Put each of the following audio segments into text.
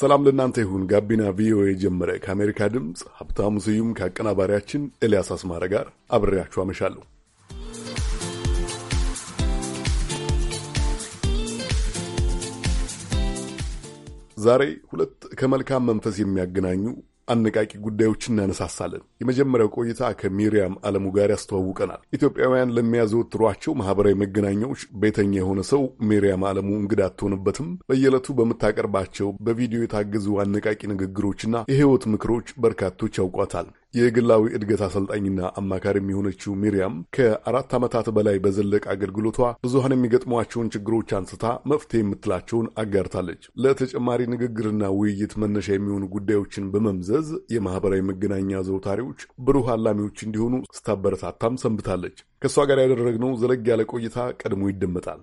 ሰላም ለእናንተ ይሁን። ጋቢና ቪኦኤ ጀመረ። ከአሜሪካ ድምፅ ሀብታሙ ስዩም ከአቀናባሪያችን ኤልያስ አስማረ ጋር አብሬያችሁ አመሻለሁ። ዛሬ ሁለት ከመልካም መንፈስ የሚያገናኙ አነቃቂ ጉዳዮችን እናነሳሳለን። የመጀመሪያው ቆይታ ከሚሪያም አለሙ ጋር ያስተዋውቀናል። ኢትዮጵያውያን ለሚያዘወትሯቸው ማህበራዊ መገናኛዎች ቤተኛ የሆነ ሰው ሚሪያም አለሙ እንግዳ አትሆንበትም። በየዕለቱ በምታቀርባቸው በቪዲዮ የታገዙ አነቃቂ ንግግሮችና የህይወት ምክሮች በርካቶች ያውቋታል። የግላዊ እድገት አሰልጣኝና አማካሪም የሆነችው ሚሪያም ከአራት ዓመታት በላይ በዘለቅ አገልግሎቷ ብዙሀን የሚገጥሟቸውን ችግሮች አንስታ መፍትሄ የምትላቸውን አጋርታለች። ለተጨማሪ ንግግርና ውይይት መነሻ የሚሆኑ ጉዳዮችን በመምዘዝ የማህበራዊ መገናኛ ዘውታሪዎች ብሩህ አላሚዎች እንዲሆኑ ስታበረታታም ሰንብታለች። ከእሷ ጋር ያደረግነው ዘለግ ያለ ቆይታ ቀድሞ ይደመጣል።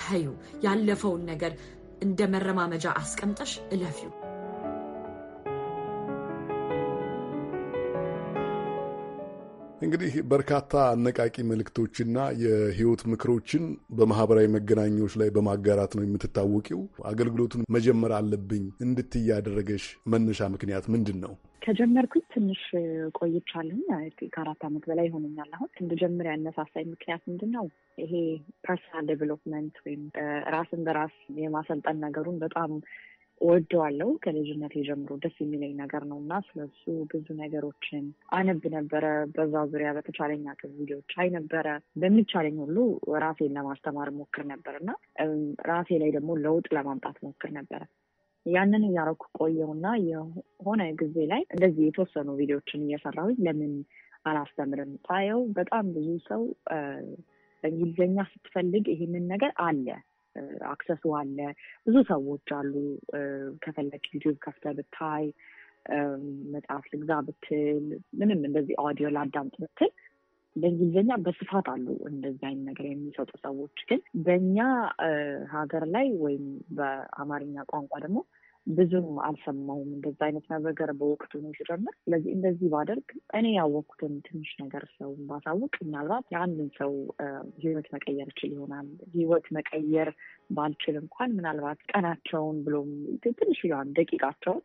ተዩ። ያለፈውን ነገር እንደ መረማመጃ አስቀምጠሽ እለፊው። እንግዲህ በርካታ አነቃቂ መልእክቶችና የህይወት ምክሮችን በማህበራዊ መገናኛዎች ላይ በማጋራት ነው የምትታወቂው። አገልግሎቱን መጀመር አለብኝ እንድትያደረገሽ መነሻ ምክንያት ምንድን ነው? ከጀመርኩኝ ትንሽ ቆይቻለሁ። ከአራት አመት በላይ ይሆነኛል። አሁን እንድጀምር ያነሳሳኝ ምክንያት ምንድን ነው? ይሄ ፐርሰናል ዴቨሎፕመንት ወይም ራስን በራስ የማሰልጠን ነገሩን በጣም ወደዋለው ከልጅነት ጀምሮ ደስ የሚለኝ ነገር ነው እና ስለሱ ብዙ ነገሮችን አነብ ነበረ። በዛ ዙሪያ በተቻለኝ አቅም ቪዲዮች አይ ነበረ። በሚቻለኝ ሁሉ ራሴን ለማስተማር ሞክር ነበር እና ራሴ ላይ ደግሞ ለውጥ ለማምጣት ሞክር ነበረ። ያንን እያረኩ ቆየውና የሆነ ጊዜ ላይ እንደዚህ የተወሰኑ ቪዲዮዎችን እየሰራሁኝ ለምን አላስተምርም ታየው። በጣም ብዙ ሰው በእንግሊዝኛ ስትፈልግ ይህንን ነገር አለ፣ አክሰሱ አለ፣ ብዙ ሰዎች አሉ። ከፈለግ ዩቲዩብ ከፍተ ብታይ፣ መጽሐፍ ልግዛ ብትል፣ ምንም እንደዚህ ኦዲዮ ላዳምጥ ብትል በእንግሊዝኛ በስፋት አሉ እንደዚህ አይነት ነገር የሚሰጡ ሰዎች። ግን በእኛ ሀገር ላይ ወይም በአማርኛ ቋንቋ ደግሞ ብዙም አልሰማውም እንደዚ አይነት ነገር በወቅቱ ነው ሲጀምር። ስለዚህ እንደዚህ ባደርግ እኔ ያወቅኩትን ትንሽ ነገር ሰው ባሳውቅ ምናልባት የአንድን ሰው ህይወት መቀየር ችል ይሆናል። ህይወት መቀየር ባልችል እንኳን ምናልባት ቀናቸውን ብሎም ትንሽ ይለዋል ደቂቃቸውን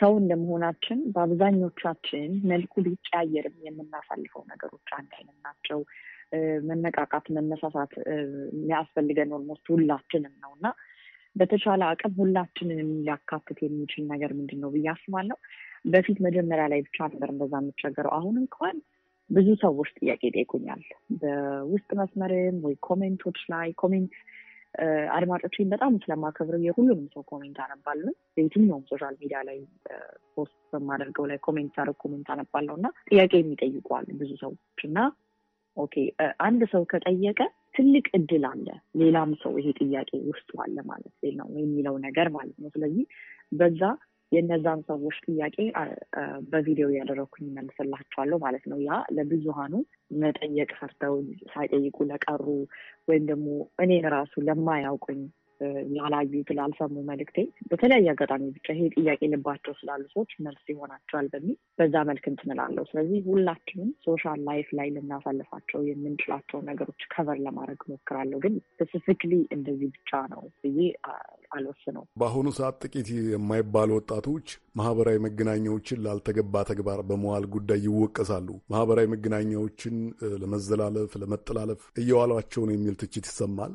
ሰው እንደመሆናችን በአብዛኞቻችን መልኩ ሊቀያየርም የምናሳልፈው ነገሮች አንድ አይነት ናቸው። መነቃቃት፣ መነሳሳት የሚያስፈልገን ኦልሞስት ሁላችንም ነው እና በተቻለ አቅም ሁላችንንም ሊያካትት የሚችል ነገር ምንድን ነው ብዬ አስባለሁ። በፊት መጀመሪያ ላይ ብቻ ነበር እንደዛ የምቸገረው። አሁን እንኳን ብዙ ሰዎች ጥያቄ ጠይቁኛል፣ በውስጥ መስመርም ወይ ኮሜንቶች ላይ ኮሜንት አድማጮችን በጣም ስለማከብረው የሁሉንም ሰው ኮሜንት አነባለሁ። የትኛውም ሶሻል ሚዲያ ላይ ፖስት በማደርገው ላይ ኮሜንት ሳደርግ ኮሜንት አነባለሁ እና ጥያቄ የሚጠይቋል ብዙ ሰዎች እና ኦኬ አንድ ሰው ከጠየቀ ትልቅ እድል አለ ሌላም ሰው ይሄ ጥያቄ ውስጡ አለ ማለት ነው የሚለው ነገር ማለት ነው። ስለዚህ በዛ የእነዛን ሰዎች ጥያቄ በቪዲዮ ያደረግኩኝ መልስላቸዋለሁ ማለት ነው። ያ ለብዙሃኑ መጠየቅ ፈርተው ሳይጠይቁ ለቀሩ ወይም ደግሞ እኔን ራሱ ለማያውቁኝ ላዩት ላልሰሙ መልእክቴ በተለያየ አጋጣሚ ብቻ ይሄ ጥያቄ ልባቸው ስላሉ ሰዎች መልስ ይሆናቸዋል በሚል በዛ መልክ እንትንላለው። ስለዚህ ሁላችንም ሶሻል ላይፍ ላይ ልናሳልፋቸው የምንችላቸው ነገሮች ከቨር ለማድረግ ሞክራለሁ፣ ግን ስፔሲፊክሊ እንደዚህ ብቻ ነው ብዬ አልወስነው። በአሁኑ ሰዓት ጥቂት የማይባሉ ወጣቶች ማህበራዊ መገናኛዎችን ላልተገባ ተግባር በመዋል ጉዳይ ይወቀሳሉ። ማህበራዊ መገናኛዎችን ለመዘላለፍ፣ ለመጠላለፍ እየዋሏቸው ነው የሚል ትችት ይሰማል።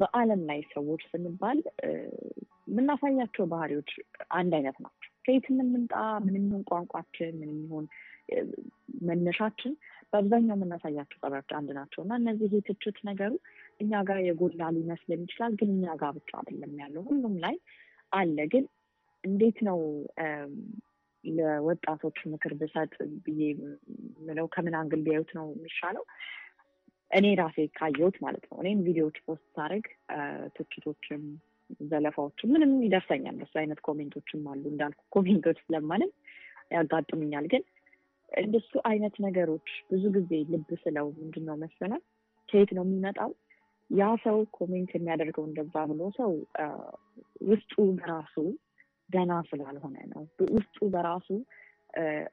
በዓለም ላይ ሰዎች ስንባል የምናሳያቸው ባህሪዎች አንድ አይነት ናቸው። ከየት እንምንጣ፣ ምን የሚሆን ቋንቋችን፣ ምን የሚሆን መነሻችን በአብዛኛው የምናሳያቸው ጠባዮች አንድ ናቸው እና እነዚህ የትችት ነገሩ እኛ ጋር የጎላ ሊመስልን ይችላል፣ ግን እኛ ጋር ብቻ አይደለም ያለው፣ ሁሉም ላይ አለ። ግን እንዴት ነው ለወጣቶች ምክር ብሰጥ ብዬ ምለው ከምን አንግል ቢያዩት ነው የሚሻለው? እኔ ራሴ ካየሁት ማለት ነው። እኔም ቪዲዮዎች ፖስት ሳደርግ ትችቶችም ዘለፋዎችም ምንም ይደርሰኛል። በሱ አይነት ኮሜንቶችም አሉ እንዳልኩ ኮሜንቶች ስለማንም ያጋጥሙኛል። ግን እንደሱ አይነት ነገሮች ብዙ ጊዜ ልብ ስለው ምንድን ነው መሰላል ከየት ነው የሚመጣው? ያ ሰው ኮሜንት የሚያደርገው እንደዛ ብሎ ሰው ውስጡ በራሱ ደህና ስላልሆነ ነው። ውስጡ በራሱ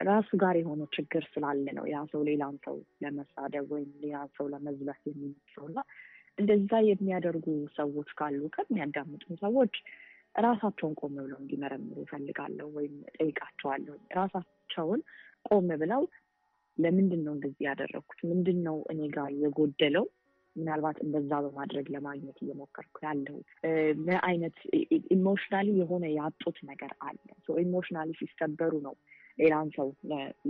ራሱ ጋር የሆነው ችግር ስላለ ነው ያ ሰው ሌላን ሰው ለመሳደብ ወይም ሌላን ሰው ለመዝለፍ የሚመስለው እና እንደዛ የሚያደርጉ ሰዎች ካሉ ከሚያዳምጡ ሰዎች ራሳቸውን ቆም ብለው እንዲመረምሩ ይፈልጋለሁ ወይም ጠይቃቸዋለሁ። ራሳቸውን ቆም ብለው ለምንድን ነው እንደዚህ ያደረግኩት? ምንድን ነው እኔ ጋር የጎደለው? ምናልባት እንደዛ በማድረግ ለማግኘት እየሞከርኩ ያለሁት ምን አይነት ኢሞሽናሊ የሆነ ያጡት ነገር አለ? ኢሞሽናሊ ሲሰበሩ ነው ሌላን ሰው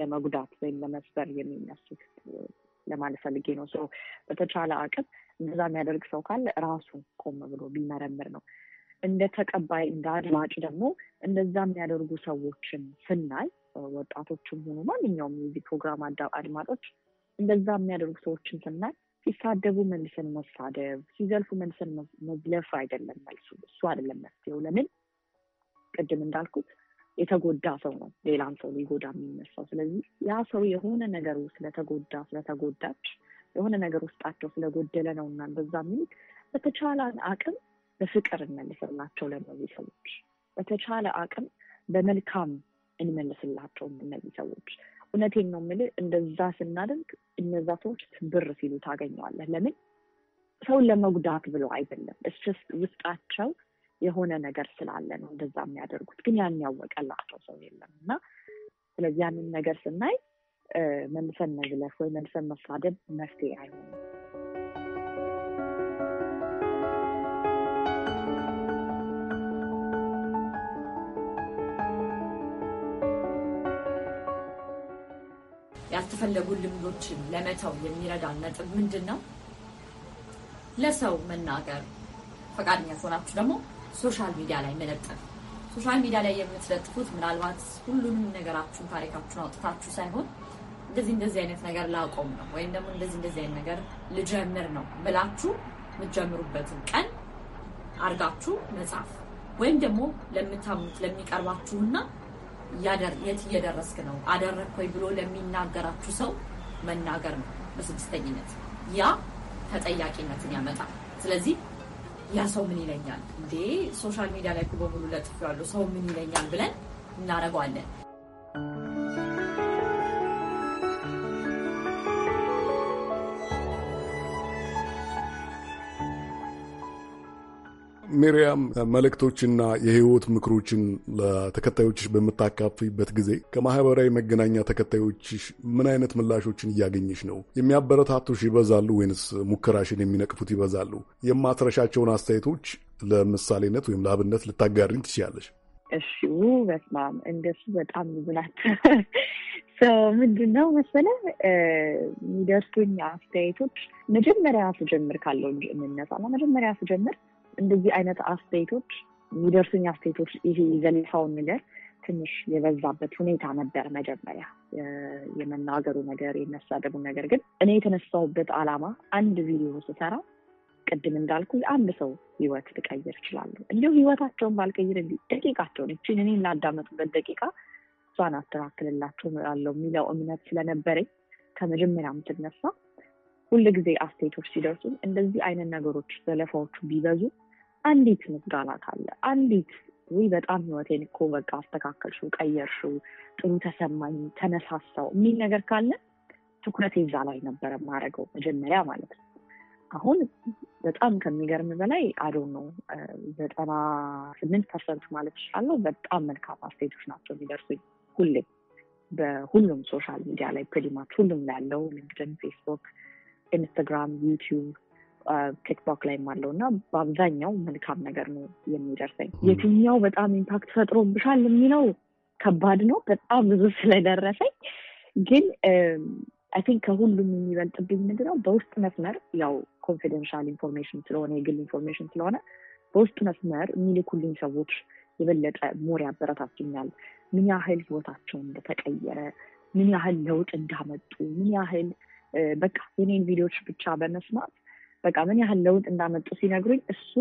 ለመጉዳት ወይም ለመስበር የሚነሱት ለማለት ፈልጌ ነው። በተቻለ አቅም እንደዛ የሚያደርግ ሰው ካለ ራሱ ቆም ብሎ ቢመረምር ነው። እንደ ተቀባይ እንደ አድማጭ ደግሞ እንደዛ የሚያደርጉ ሰዎችን ስናይ ወጣቶችም ሆኑ ማንኛውም የዚህ ፕሮግራም አድማጮች እንደዛ የሚያደርጉ ሰዎችን ስናይ ሲሳደቡ መልስን መሳደብ፣ ሲዘልፉ መልስን መዝለፍ አይደለም መልሱ። እሱ አይደለም መፍትሄው። ለምን ቅድም እንዳልኩት የተጎዳ ሰው ነው ሌላን ሰው ሊጎዳ የሚነሳው። ስለዚህ ያ ሰው የሆነ ነገር ስለተጎዳ ስለተጎዳች የሆነ ነገር ውስጣቸው ስለጎደለ ነው እና በዛ ሚል በተቻለ አቅም በፍቅር እንመልስላቸው ለእነዚህ ሰዎች በተቻለ አቅም በመልካም እንመልስላቸው እነዚህ ሰዎች። እውነቴን ነው የምልህ፣ እንደዛ ስናደርግ እነዛ ሰዎች ትብር ሲሉ ታገኘዋለህ። ለምን ሰውን ለመጉዳት ብሎ አይደለም፣ እስስ ውስጣቸው የሆነ ነገር ስላለ ነው እንደዛ የሚያደርጉት። ግን ያን ያወቀላቸው ሰው የለም እና ስለዚህ ያንን ነገር ስናይ መልሰን መዝለፍ ወይ መልሰን መሳደብ መፍትሄ አይሆንም። ያልተፈለጉ ልምዶችን ለመተው የሚረዳን ነጥብ ምንድን ነው? ለሰው መናገር ፈቃደኛ ሆናችሁ ደግሞ ሶሻል ሚዲያ ላይ መለጠፍ። ሶሻል ሚዲያ ላይ የምትለጥፉት ምናልባት ሁሉንም ነገራችሁን ታሪካችሁን አውጥታችሁ ሳይሆን እንደዚህ እንደዚህ አይነት ነገር ላቆም ነው ወይም ደግሞ እንደዚህ እንደዚህ አይነት ነገር ልጀምር ነው ብላችሁ የምትጀምሩበትን ቀን አርጋችሁ መጽሐፍ ወይም ደግሞ ለምታምኑት ለሚቀርባችሁና የት እየደረስክ ነው አደረግክ ወይ ብሎ ለሚናገራችሁ ሰው መናገር ነው። በስድስተኝነት ያ ተጠያቂነትን ያመጣል። ስለዚህ ያ ሰው ምን ይለኛል እንዴ ሶሻል ሚዲያ ላይ በሙሉ ለጥፍ ያሉ ሰው ምን ይለኛል ብለን እናደርገዋለን። ሚሪያም መልእክቶችና የህይወት ምክሮችን ለተከታዮችሽ በምታካፍይበት ጊዜ ከማህበራዊ መገናኛ ተከታዮችሽ ምን አይነት ምላሾችን እያገኘሽ ነው? የሚያበረታቱሽ ይበዛሉ ወይንስ ሙከራሽን የሚነቅፉት ይበዛሉ? የማትረሻቸውን አስተያየቶች ለምሳሌነት ወይም ለአብነት ልታጋሪን ትችያለሽ? እሺ፣ በስማም እንደሱ በጣም ብዙ ናት። ምንድን ነው መሰለህ የሚደርሱኝ አስተያየቶች መጀመሪያ ስጀምር ካለው እንጂ የምነሳ ነው። መጀመሪያ ስጀምር እንደዚህ አይነት አስተያየቶች የሚደርሱኝ አስተያየቶች ይሄ ዘለፋውን ነገር ትንሽ የበዛበት ሁኔታ ነበር። መጀመሪያ የመናገሩ ነገር የመሳደቡ ነገር ግን እኔ የተነሳሁበት አላማ አንድ ቪዲዮ ስሰራ ቅድም እንዳልኩ የአንድ ሰው ህይወት ልቀይር እችላለሁ። እንዲሁ ህይወታቸውን ባልቀይር እንዲ ደቂቃቸውን እችን እኔ ላዳመጡበት ደቂቃ እሷን አስተካክልላቸው እላለሁ የሚለው እምነት ስለነበረኝ ከመጀመሪያ ምትነሳ ሁሉ ጊዜ አስተያየቶች ሲደርሱ እንደዚህ አይነት ነገሮች ዘለፋዎቹ ቢበዙ አንዲት ምስጋና አለ አንዲት ወይ በጣም ህይወቴን እኮ በቃ አስተካከልሽው፣ ቀየርሽው፣ ጥሩ ተሰማኝ፣ ተነሳሳው የሚል ነገር ካለ ትኩረት እዛ ላይ ነበረ ማድረገው መጀመሪያ ማለት ነው። አሁን በጣም ከሚገርም በላይ አዶ ነው ዘጠና ስምንት ፐርሰንት ማለት ይችላለው በጣም መልካም አስቴቶች ናቸው የሚደርሱኝ ሁሌ በሁሉም ሶሻል ሚዲያ ላይ ፕሪማች ሁሉም ላይ ያለው ሊንክድን፣ ፌስቡክ፣ ኢንስታግራም፣ ዩቲዩብ ቲክቶክ ላይም አለው እና በአብዛኛው መልካም ነገር ነው የሚደርሰኝ። የትኛው በጣም ኢምፓክት ፈጥሮ ብሻል የሚለው ከባድ ነው። በጣም ብዙ ስለደረሰኝ ግን አይ ቲንክ ከሁሉም የሚበልጥብኝ ምንድነው በውስጥ መስመር ያው ኮንፊደንሻል ኢንፎርሜሽን ስለሆነ የግል ኢንፎርሜሽን ስለሆነ በውስጥ መስመር የሚልኩልኝ ሰዎች የበለጠ ሞር ያበረታቱኛል። ምን ያህል ህይወታቸው እንደተቀየረ፣ ምን ያህል ለውጥ እንዳመጡ፣ ምን ያህል በቃ የኔን ቪዲዮዎች ብቻ በመስማት በቃ ምን ያህል ለውጥ እንዳመጡ ሲነግሩኝ እሱ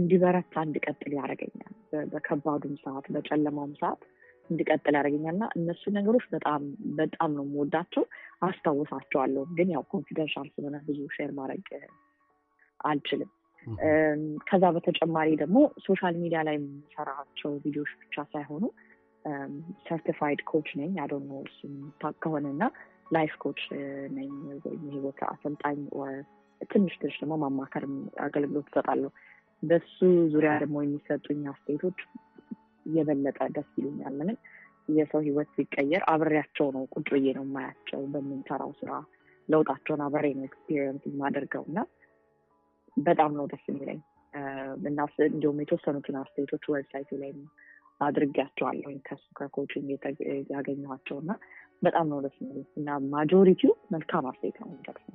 እንዲበረታ እንድቀጥል ያደርገኛል። በከባዱም ሰዓት በጨለማውም ሰዓት እንድቀጥል ያደርገኛል እና እነሱ ነገሮች በጣም በጣም ነው የምወዳቸው፣ አስታውሳቸዋለሁ። ግን ያው ኮንፊደንሻል ስለሆነ ብዙ ሼር ማድረግ አልችልም። ከዛ በተጨማሪ ደግሞ ሶሻል ሚዲያ ላይ የምሰራቸው ቪዲዮዎች ብቻ ሳይሆኑ ሰርቲፋይድ ኮች ነኝ። ያደነ እሱ ከሆነ እና ላይፍ ኮች ነኝ ወይም የህይወት አሰልጣኝ ትንሽ ትንሽ ደግሞ ማማከር አገልግሎት እሰጣለሁ። በሱ ዙሪያ ደግሞ የሚሰጡኝ አስተያየቶች የበለጠ ደስ ይሉኛል። ምንም የሰው ህይወት ሲቀየር አብሬያቸው ነው ቁጭ ብዬ ነው የማያቸው። በምንሰራው ስራ ለውጣቸውን አብሬ ነው ኤክስፔሪንስ የማደርገው እና በጣም ነው ደስ የሚለኝ እና እንዲሁም የተወሰኑትን አስተያየቶች ዌብሳይቱ ላይ አድርጊያቸዋለሁ ከሱ ከኮችንግ ያገኘኋቸው እና በጣም ነው ደስ እና ማጆሪቲው መልካም አስተያየት ነው የሚደርሰው።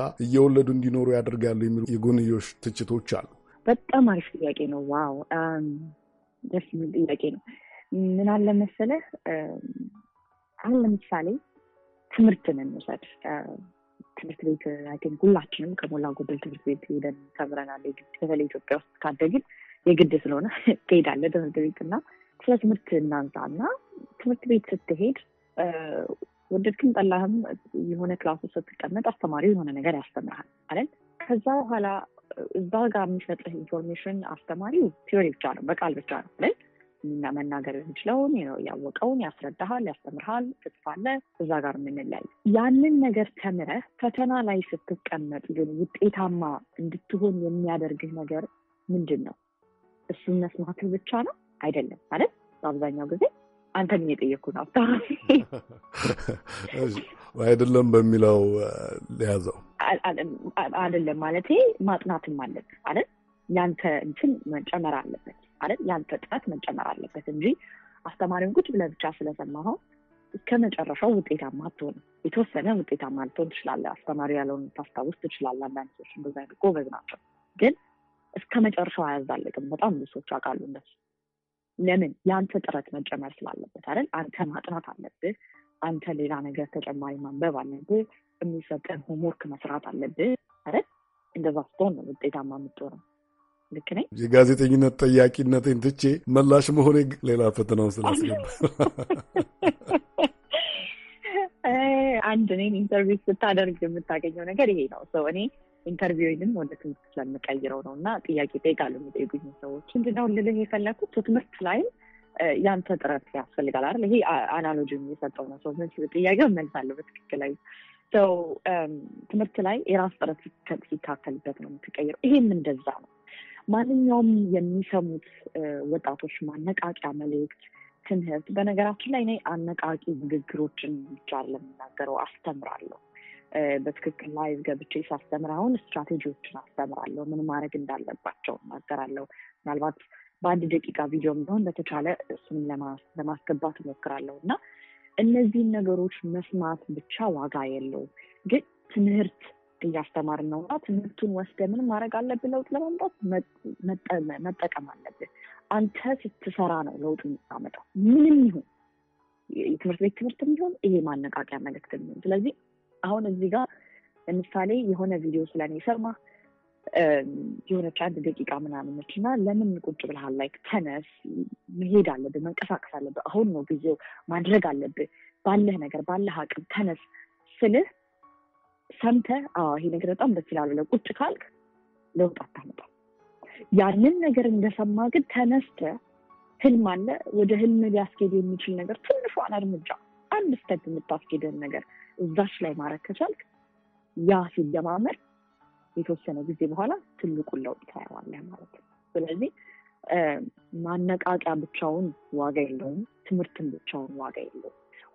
እየወለዱ እንዲኖሩ ያደርጋሉ የሚሉ የጎንዮሽ ትችቶች አሉ። በጣም አሪፍ ጥያቄ ነው። ዋው ደስ የሚል ጥያቄ ነው። ምን አለ መሰለህ፣ አሁን ለምሳሌ ትምህርትን እንውሰድ። ትምህርት ቤት አይ ቲንክ ሁላችንም ከሞላ ጎደል ትምህርት ቤት ሄደን ተምረናል። የግድ በተለይ ኢትዮጵያ ውስጥ ካደግን የግድ ስለሆነ ትሄዳለህ ትምህርት ቤት እና ስለ ትምህርት እና ትምህርት ቤት ስትሄድ ወደድክም ጠላህም የሆነ ክላስ ውስጥ ስትቀመጥ አስተማሪው የሆነ ነገር ያስተምርሃል አለን። ከዛ በኋላ እዛ ጋር የሚሰጥህ ኢንፎርሜሽን አስተማሪው ቲዮሪ ብቻ ነው፣ በቃል ብቻ ነው እና መናገር የሚችለውን ያወቀውን ያስረዳሃል፣ ያስተምርሃል፣ ትጽፋለህ። እዛ ጋር የምንለያይ ያንን ነገር ተምረህ ፈተና ላይ ስትቀመጥ ግን ውጤታማ እንድትሆን የሚያደርግህ ነገር ምንድን ነው? እሱን መስማትህ ብቻ ነው አይደለም ማለት በአብዛኛው ጊዜ አንተን እየጠየኩህ ነው። አይደለም በሚለው ሊያዘው አይደለም ማለት ማጥናትም አለብህ አይደል? ያንተ እንትን መጨመር አለበት አይደል? ያንተ ጥረት መጨመር አለበት እንጂ አስተማሪውን ቁጭ ብለህ ብቻ ስለሰማኸው እስከ መጨረሻው ውጤታማ አትሆንም። የተወሰነ ውጤታማ ልትሆን ትችላለህ። አስተማሪ ያለውን ታስታውስ ትችላለህ። አንዳንድ ሰዎች እንደዛ ጎበዝ ናቸው፣ ግን እስከ መጨረሻው አያዛለቅም። በጣም ብዙ ሰዎች አውቃለሁ እንደሱ ለምን የአንተ ጥረት መጨመር ስላለበት አይደል? አንተ ማጥናት አለብህ። አንተ ሌላ ነገር ተጨማሪ ማንበብ አለብህ። የሚሰጠን ሆምወርክ መስራት አለብህ አይደል? እንደዛ ስትሆን ነው ውጤታማ የምትሆነው። ልክ ነኝ። የጋዜጠኝነት ጠያቂነቴን ትቼ መላሽ መሆኔ ሌላ ፈተናውን ስላስገባ አንድ እኔን ኢንተርቪው ስታደርግ የምታገኘው ነገር ይሄ ነው። ሰው እኔ ኢንተርቪውንም ወደ ትምህርት ስለምቀይረው ነው እና ጥያቄ ጠይቃሉ የሚጠይቁኝ ሰዎች። ምንድን ልልህ የፈለኩት ትምህርት ላይም ያንተ ጥረት ያስፈልጋል አይደል? ይሄ አናሎጂ የሚሰጠው ነው ሰው ምን ጥያቄ መልሳለሁ በትክክል ሰው ትምህርት ላይ የራስ ጥረት ሲካከልበት ነው የምትቀይረው። ይሄም እንደዛ ነው። ማንኛውም የሚሰሙት ወጣቶች ማነቃቂያ መልእክት ትምህርት በነገራችን ላይ እኔ አነቃቂ ንግግሮችን ብቻ ለምናገረው አስተምራለሁ በትክክል ላይ ገብቼ ሳስተምር አሁን ስትራቴጂዎችን አስተምራለሁ። ምን ማድረግ እንዳለባቸው እናገራለሁ። ምናልባት በአንድ ደቂቃ ቪዲዮ ቢሆን በተቻለ እሱን ለማስገባት እሞክራለሁ እና እነዚህን ነገሮች መስማት ብቻ ዋጋ የለውም። ግን ትምህርት እያስተማርን ነው እና ትምህርቱን ወስደ ምን ማድረግ አለብን? ለውጥ ለማምጣት መጠቀም አለብን። አንተ ስትሰራ ነው ለውጥ የምታመጣው። ምንም ይሁን የትምህርት ቤት ትምህርት የሚሆን ይሄ ማነቃቂያ መልእክት የሚሆን ስለዚህ አሁን እዚህ ጋር ለምሳሌ የሆነ ቪዲዮ ስለኔ ሰማ የሆነች አንድ ደቂቃ ምናምን እና ለምን ቁጭ ብለሃል? ላይክ ተነስ፣ መሄድ አለብህ፣ መንቀሳቀስ አለብህ። አሁን ነው ጊዜው፣ ማድረግ አለብህ፣ ባለህ ነገር ባለህ አቅም ተነስ ስልህ ሰምተህ ይሄ ነገር በጣም ደስ ይላል ብለህ ቁጭ ካልክ ለውጥ አታመጣም። ያንን ነገር እንደሰማ ግን ተነስተህ ህልም አለ፣ ወደ ህልም ሊያስኬድ የሚችል ነገር ትንሿን እርምጃ አንድ ስተት የምታስኬድህን ነገር እዛች ላይ ማድረግ ከቻልክ ያ ሲደማመር የተወሰነ ጊዜ በኋላ ትልቁን ለውጥ ታየዋለህ ማለት ነው። ስለዚህ ማነቃቂያ ብቻውን ዋጋ የለውም፣ ትምህርትን ብቻውን ዋጋ የለውም።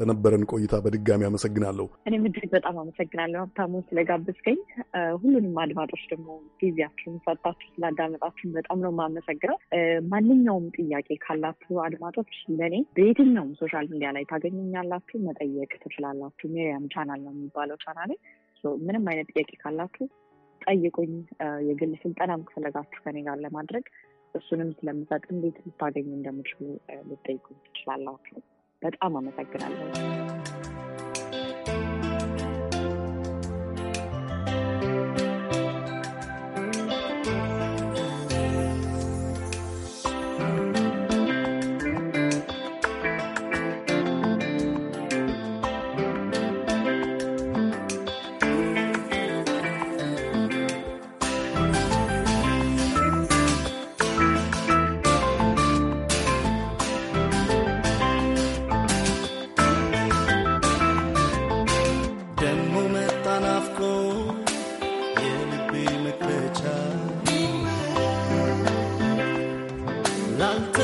ለነበረን ቆይታ በድጋሚ አመሰግናለሁ። እኔም እጅግ በጣም አመሰግናለሁ ሀብታሙ ስለጋበዝከኝ። ሁሉንም አድማጮች ደግሞ ጊዜያችሁን ሰጣችሁ ስላዳመጣችሁን በጣም ነው የማመሰግነው። ማንኛውም ጥያቄ ካላችሁ አድማጮች ለእኔ በየትኛውም ሶሻል ሚዲያ ላይ ታገኙኛላችሁ፣ መጠየቅ ትችላላችሁ። ሚሪያም ቻናል ነው የሚባለው ቻናሌ። ምንም አይነት ጥያቄ ካላችሁ ጠይቁኝ። የግል ስልጠናም ከፈለጋችሁ ከኔ ጋር ለማድረግ እሱንም ስለምሰጥ እንዴት ልታገኙ እንደምችሉ ልጠይቁኝ ትችላላችሁ። በጣም አመሰግናለሁ። love.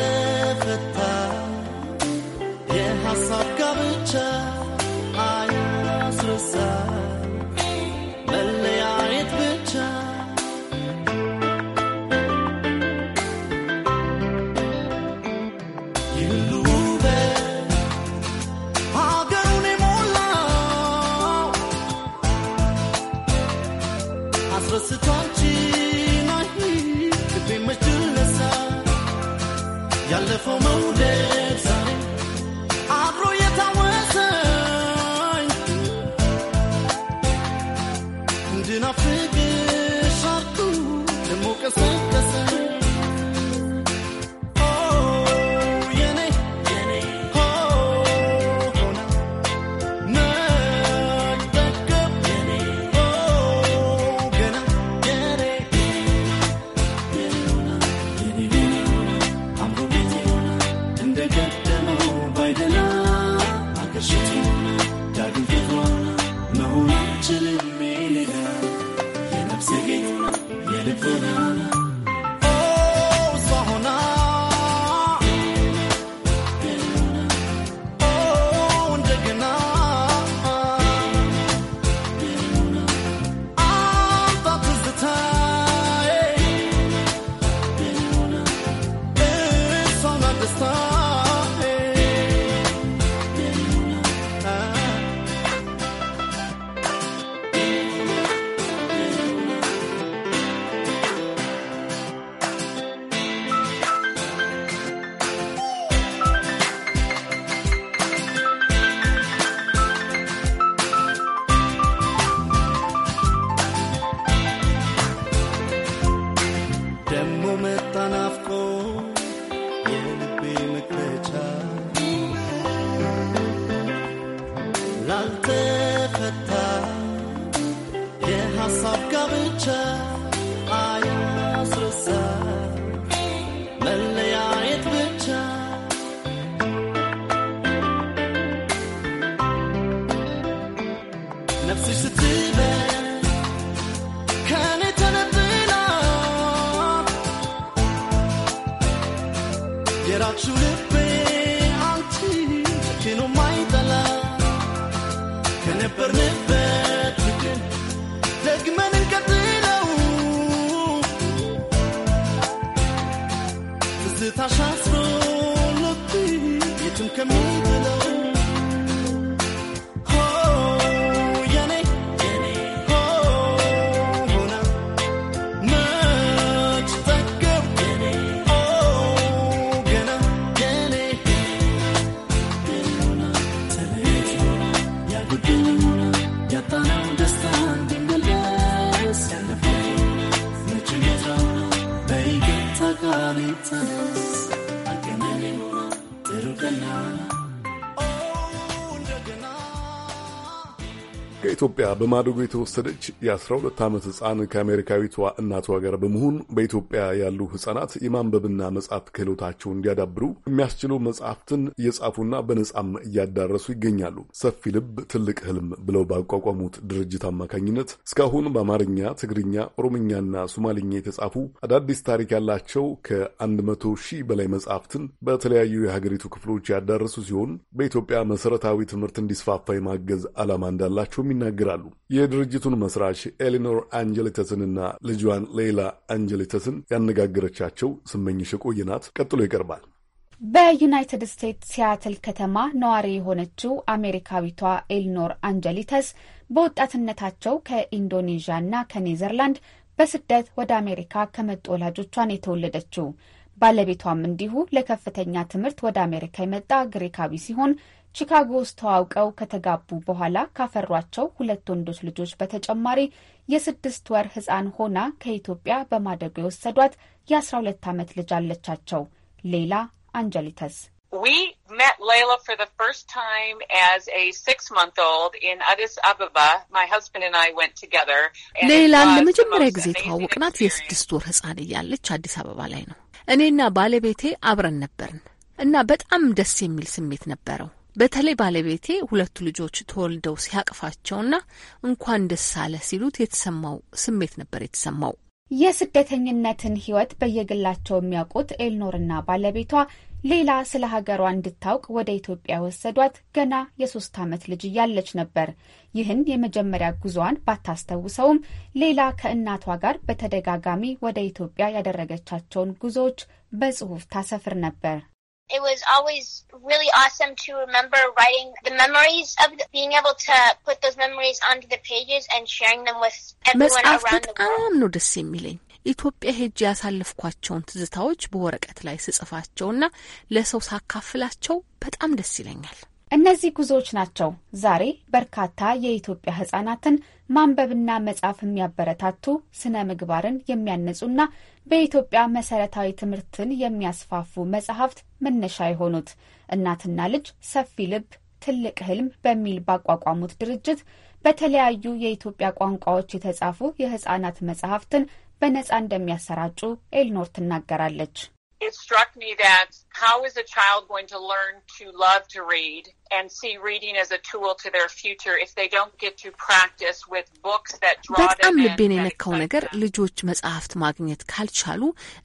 Some camino ከኢትዮጵያ በማደጎ የተወሰደች የ12 ዓመት ሕፃን ከአሜሪካዊቷ እናቷ ጋር በመሆን በኢትዮጵያ ያሉ ሕፃናት የማንበብና መጻፍ ክህሎታቸውን እንዲያዳብሩ የሚያስችሉ መጽሐፍትን እየጻፉና በነጻም እያዳረሱ ይገኛሉ። ሰፊ ልብ ትልቅ ህልም ብለው ባቋቋሙት ድርጅት አማካኝነት እስካሁን በአማርኛ፣ ትግርኛ፣ ኦሮምኛና ሶማሊኛ የተጻፉ አዳዲስ ታሪክ ያላቸው ከ100 ሺህ በላይ መጽሐፍትን በተለያዩ የሀገሪቱ ክፍሎች ያዳረሱ ሲሆን በኢትዮጵያ መሰረታዊ ትምህርት እንዲስፋፋ የማገዝ ዓላማ እንዳላቸውም ይናገራል። ይናገራሉ። የድርጅቱን መስራች ኤሊኖር አንጀሊተስንና ልጇን ሌላ አንጀሊተስን ያነጋገረቻቸው ስመኝሽ የቆየ ቀጥሎ ይቀርባል። በዩናይትድ ስቴትስ ሲያትል ከተማ ነዋሪ የሆነችው አሜሪካዊቷ ኤሊኖር አንጀሊተስ በወጣትነታቸው ከኢንዶኔዥያ እና ከኔዘርላንድ በስደት ወደ አሜሪካ ከመጡ ወላጆቿን የተወለደችው ባለቤቷም እንዲሁ ለከፍተኛ ትምህርት ወደ አሜሪካ የመጣ ግሪካዊ ሲሆን ቺካጎ ውስጥ ተዋውቀው ከተጋቡ በኋላ ካፈሯቸው ሁለት ወንዶች ልጆች በተጨማሪ የስድስት ወር ሕፃን ሆና ከኢትዮጵያ በማደጉ የወሰዷት የአስራ ሁለት ዓመት ልጅ አለቻቸው። ሌላ አንጀሊተስ ሌላን ለመጀመሪያ ጊዜ የተዋወቅናት የስድስት ወር ህፃን እያለች አዲስ አበባ ላይ ነው። እኔና ባለቤቴ አብረን ነበርን እና በጣም ደስ የሚል ስሜት ነበረው። በተለይ ባለቤቴ ሁለቱ ልጆች ተወልደው ሲያቅፋቸውና እንኳን ደስ አለ ሲሉት የተሰማው ስሜት ነበር የተሰማው። የስደተኝነትን ህይወት በየግላቸው የሚያውቁት ኤልኖርና ባለቤቷ ሌላ ስለ ሀገሯ እንድታውቅ ወደ ኢትዮጵያ ወሰዷት። ገና የሶስት ዓመት ልጅ እያለች ነበር። ይህን የመጀመሪያ ጉዞዋን ባታስተውሰውም ሌላ ከእናቷ ጋር በተደጋጋሚ ወደ ኢትዮጵያ ያደረገቻቸውን ጉዞዎች በጽሑፍ ታሰፍር ነበር። It was always really awesome to remember writing the memories of the, being able to put those memories onto the pages and sharing them with everyone around the world. ኢትዮጵያ ሄጄ ያሳለፍኳቸውን ትዝታዎች በወረቀት ላይ ስጽፋቸውና ለሰው ሳካፍላቸው በጣም ደስ ይለኛል። እነዚህ ጉዞዎች ናቸው ዛሬ በርካታ የኢትዮጵያ ህጻናትን ማንበብና መጻፍ የሚያበረታቱ ስነ ምግባርን የሚያነጹና በኢትዮጵያ መሰረታዊ ትምህርትን የሚያስፋፉ መጽሐፍት መነሻ የሆኑት እናትና ልጅ ሰፊ ልብ ትልቅ ህልም በሚል ባቋቋሙት ድርጅት በተለያዩ የኢትዮጵያ ቋንቋዎች የተጻፉ የህጻናት መጽሐፍትን በነጻ እንደሚያሰራጩ ኤልኖር ትናገራለች። it struck me that how is a child going to learn to love to read and see reading as a tool to their future if they don't get to practice with books that draw በጣም ልቤን የነካው ነገር ልጆች መጽሐፍት ማግኘት ካልቻሉ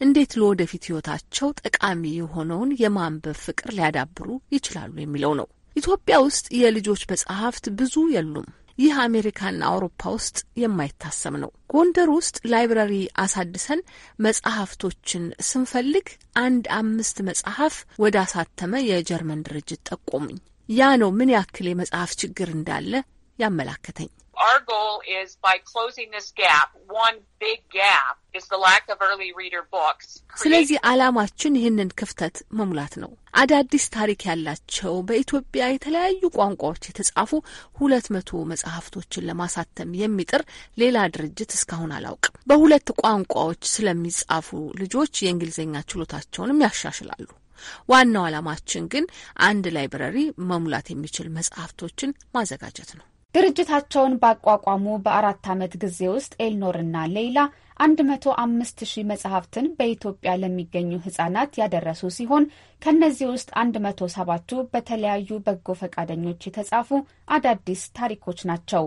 እንዴት ለወደፊት ህይወታቸው ጠቃሚ የሆነውን የማንበብ ፍቅር ሊያዳብሩ ይችላሉ የሚለው ነው። ኢትዮጵያ ውስጥ የልጆች መጽሐፍት ብዙ የሉም። ይህ አሜሪካና አውሮፓ ውስጥ የማይታሰብ ነው። ጎንደር ውስጥ ላይብራሪ አሳድሰን መጽሐፍቶችን ስንፈልግ አንድ አምስት መጽሐፍ ወደ አሳተመ የጀርመን ድርጅት ጠቆሙኝ። ያ ነው ምን ያክል የመጽሐፍ ችግር እንዳለ ያመላከተኝ። Our goal is by closing this gap, one big gap, ስለዚህ ዓላማችን ይህንን ክፍተት መሙላት ነው። አዳዲስ ታሪክ ያላቸው በኢትዮጵያ የተለያዩ ቋንቋዎች የተጻፉ ሁለት መቶ መጽሐፍቶችን ለማሳተም የሚጥር ሌላ ድርጅት እስካሁን አላውቅም። በሁለት ቋንቋዎች ስለሚጻፉ ልጆች የእንግሊዝኛ ችሎታቸውንም ያሻሽላሉ። ዋናው ዓላማችን ግን አንድ ላይብረሪ መሙላት የሚችል መጽሐፍቶችን ማዘጋጀት ነው። ድርጅታቸውን ባቋቋሙ በአራት ዓመት ጊዜ ውስጥ ኤልኖርና ሌይላ 105 ሺህ መጽሐፍትን በኢትዮጵያ ለሚገኙ ህጻናት ያደረሱ ሲሆን ከእነዚህ ውስጥ 107ቱ በተለያዩ በጎ ፈቃደኞች የተጻፉ አዳዲስ ታሪኮች ናቸው።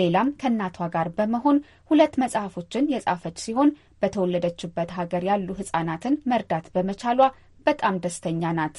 ሌላም ከእናቷ ጋር በመሆን ሁለት መጽሐፎችን የጻፈች ሲሆን በተወለደችበት ሀገር ያሉ ህጻናትን መርዳት በመቻሏ በጣም ደስተኛ ናት።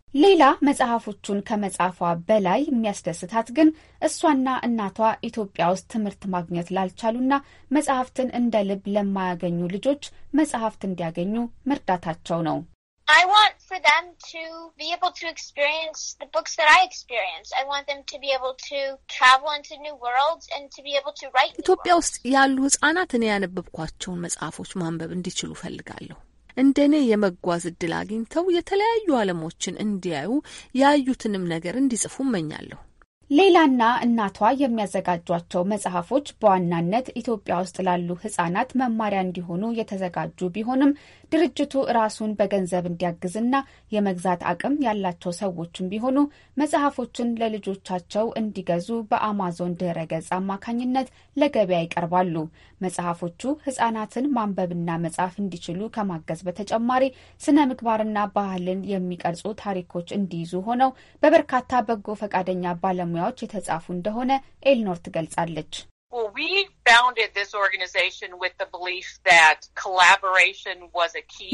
ሌላ መጽሐፎቹን ከመጻፏ በላይ የሚያስደስታት ግን እሷና እናቷ ኢትዮጵያ ውስጥ ትምህርት ማግኘት ላልቻሉና መጽሐፍትን እንደ ልብ ለማያገኙ ልጆች መጽሐፍት እንዲያገኙ መርዳታቸው ነው። ኢትዮጵያ ውስጥ ያሉ ህጻናት እኔ ያነበብኳቸውን መጽሐፎች ማንበብ እንዲችሉ ፈልጋለሁ። እንደ እኔ የመጓዝ እድል አግኝተው የተለያዩ ዓለሞችን እንዲያዩ ያዩትንም ነገር እንዲጽፉ እመኛለሁ። ሌላና እናቷ የሚያዘጋጇቸው መጽሐፎች በዋናነት ኢትዮጵያ ውስጥ ላሉ ህጻናት መማሪያ እንዲሆኑ የተዘጋጁ ቢሆንም ድርጅቱ ራሱን በገንዘብ እንዲያግዝና የመግዛት አቅም ያላቸው ሰዎችም ቢሆኑ መጽሐፎችን ለልጆቻቸው እንዲገዙ በአማዞን ድህረ ገጽ አማካኝነት ለገበያ ይቀርባሉ። መጽሐፎቹ ህጻናትን ማንበብና መጻፍ እንዲችሉ ከማገዝ በተጨማሪ ስነ ምግባርና ባህልን የሚቀርጹ ታሪኮች እንዲይዙ ሆነው በበርካታ በጎ ፈቃደኛ ባለሙያ ባለሙያዎች የተጻፉ እንደሆነ ኤልኖር ትገልጻለች።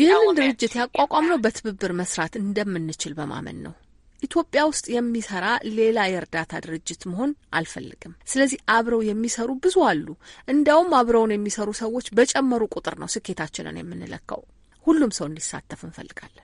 ይህንን ድርጅት ያቋቋምነው በትብብር መስራት እንደምንችል በማመን ነው። ኢትዮጵያ ውስጥ የሚሰራ ሌላ የእርዳታ ድርጅት መሆን አልፈልግም። ስለዚህ አብረው የሚሰሩ ብዙ አሉ። እንዲያውም አብረውን የሚሰሩ ሰዎች በጨመሩ ቁጥር ነው ስኬታችንን የምንለካው። ሁሉም ሰው እንዲሳተፍ እንፈልጋለን።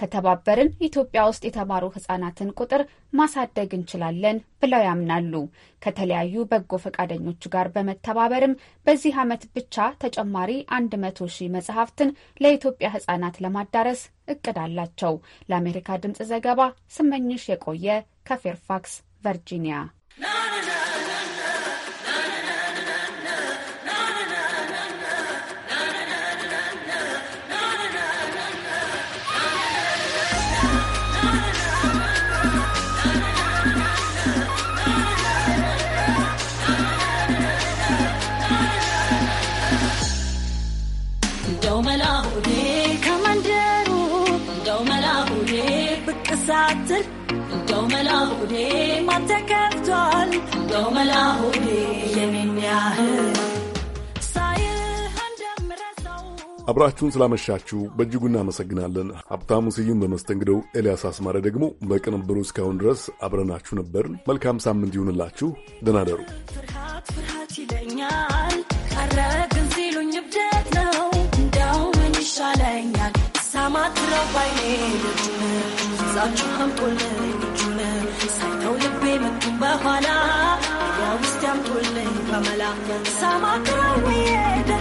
ከተባበርን ኢትዮጵያ ውስጥ የተማሩ ህጻናትን ቁጥር ማሳደግ እንችላለን ብለው ያምናሉ። ከተለያዩ በጎ ፈቃደኞች ጋር በመተባበርም በዚህ ዓመት ብቻ ተጨማሪ አንድ ሺህ መጽሐፍትን ለኢትዮጵያ ህጻናት ለማዳረስ እቅድ አላቸው። ለአሜሪካ ድምፅ ዘገባ ስመኝሽ የቆየ ከፌርፋክስ ቨርጂኒያ። አብራችሁን ስላመሻችሁ በእጅጉ እናመሰግናለን። ሀብታሙ ስዩም በመስተንግደው፣ ኤልያስ አስማረ ደግሞ በቅንብሩ። እስካሁን ድረስ አብረናችሁ ነበርን። መልካም ሳምንት ይሁንላችሁ። ደህና ደሩ። ፍርሃት ፍርሃት ይለኛል ቀረግን ሲሉኝ እብደት ነው እንደው ምን ይሻለኛል ሳይተው ልቤ በኋላ ውስጥ ያምጡልኝ በመላ ሰማክራዊ